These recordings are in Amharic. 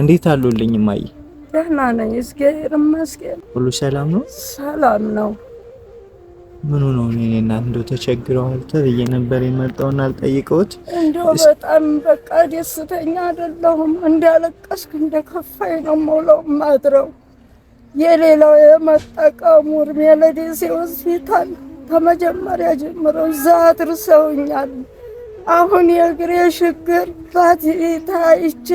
እንዴት አሉልኝ ማይ? ደህና ነኝ፣ እግዚአብሔር ይመስገን። ሁሉ ሰላም ነው? ሰላም ነው። ምኑ ነው? እኔ እናት እንደው ተቸግረዋል ተብዬ ነበር የመጣውና አልጠይቀውት። እንደው በጣም በቃ ደስተኛ አይደለሁም። እንዳለቀስኩ እንደከፋኝ ነው የምውለው ማድረው የሌላው የመጠቀሙ እድሜ ለደሴ ሆስፒታል ከመጀመሪያ ጀምሮ እዛ አድርሰውኛል። አሁን የእግሬ ችግር ባቲ ታይቼ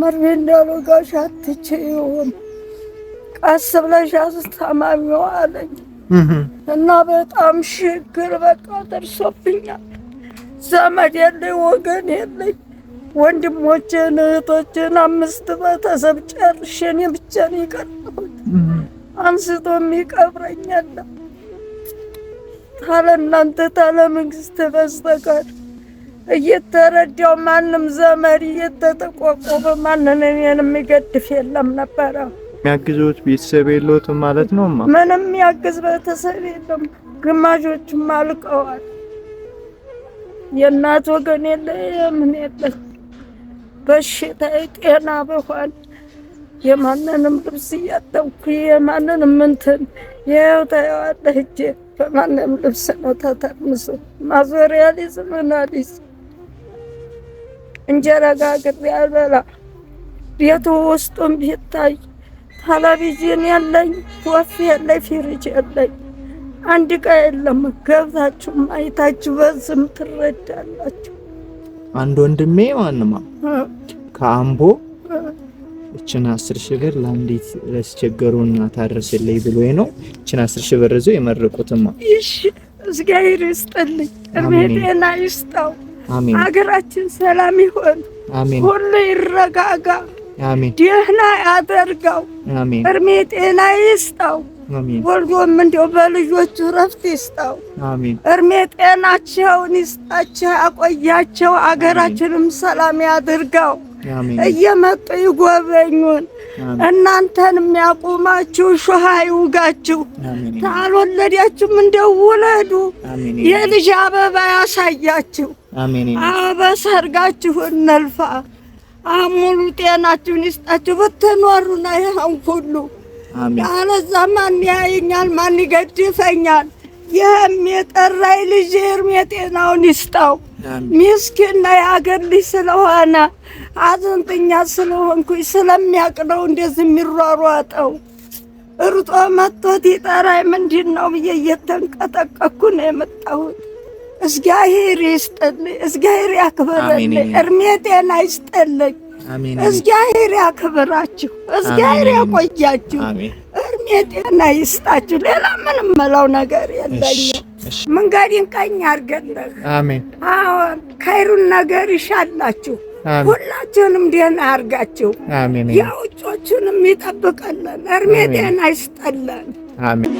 መርፌ እንዳልወጋሽ አትችይውም፣ ቀስ ብለሽ አስተማሚው አለኝ እና በጣም ችግር በቃ ደርሶብኛል። ዘመድ የለኝ፣ ወገን የለኝ። ወንድሞችን እህቶችን አምስት ቤተሰብ ጨርሼ እኔ ብቻዬን የቀረሁት አንስቶ የሚቀብረኝ የለም ታለ እናንተ ታለ መንግስት በስተቀር እየተረዳው ማንም ዘመድ እየተጠቆቆበ ማንን እኔን የሚገድፍ የለም ነበረ። የሚያግዙት ቤተሰብ የለትም ማለት ነው? ምንም የሚያግዝ ቤተሰብ የለም። ግማሾችም አልቀዋል። የእናት ወገን የለ የምን የለ፣ በሽታ ጤና በኋል የማንንም ልብስ እያጠብኩ የማንንም ምንትን ይኸው ታየዋለህ። እጄ በማንም ልብስ ነው ተተርምሶ ማዞሪያ ሊዝ ምናሊዝ እንጀራ ጋግሬ አልበላ ቤቱ ውስጡም ቢታይ ቴሌቪዥን የለኝ፣ ወፍ የለኝ፣ ፊሪጅ የለኝ፣ አንድ እቃ የለም። ገብታችሁ ማየታችሁ በዝም ትረዳላችሁ። አንድ ወንድሜ ማንማ ከአምቦ እችን አስር ሺህ ብር ለአንዲት ለስቸገሩ እናት አድርስልኝ ብሎ ነው። እችን አስር ሺህ ብር ይዞ የመረቁትማ። እሺ፣ እግዚአብሔር ይስጥልኝ፣ እድሜ ጤና ይስጠው። አገራችን ሰላም ይሆን፣ ሁሉ ይረጋጋ፣ ደህና ያደርገው፣ እርሜ ጤና ይስጠው። ወልዶም እንዲያው በልጆቹ ረፍት ይስጠው፣ እድሜ ጤናቸውን ይስጣቸው፣ ያቆያቸው፣ አገራችንም ሰላም ያድርገው። እየመጡ ይጎበኙን። እናንተን ያቁማችሁ፣ ሾሃ ይውጋችሁ። ታልወለዳችሁም እንደው ውለዱ። የልጅ አበባ ያሳያችሁ። አበሰርጋችሁ እንልፋ። አሙሉ ጤናችሁን ይስጣችሁ። ብትኖሩና ይህን ሁሉ ያለዛ ማን ያየኛል? ማን ይገድፈኛል? የሚጠራኝ ልጅ እርሜ ጤናውን ይስጠው። ሚስኪና ነው የአገር ልጅ ስለሆነ አዘንተኛ ስለሆንኩኝ ስለሚያቅነው እንደዚህ የሚሯሯጠው እርጦ መጥቶት ይጠራኝ ምንድን ነው ብዬ እየተንቀጠቀኩ ነው የመጣሁት። እግዚአብሔር ይስጥልኝ፣ እግዚአብሔር ያክብርልኝ፣ እርሜ ጤና ይስጥልኝ። እግዚአብሔር ያክብራችሁ፣ እግዚአብሔር ያቆያችሁ። ጤና አይስጣችሁ። ሌላ ምንም መላው ነገር የለኝም። መንገድን ቀኝ አድርገለህ። አሜን። አዎ ከይሩን ነገር ይሻላችሁ። ሁላችሁንም ደህና አድርጋችሁ የውጮቹንም ይጠብቀለን። እርሜ ጤና አይስጠለን። አሜን።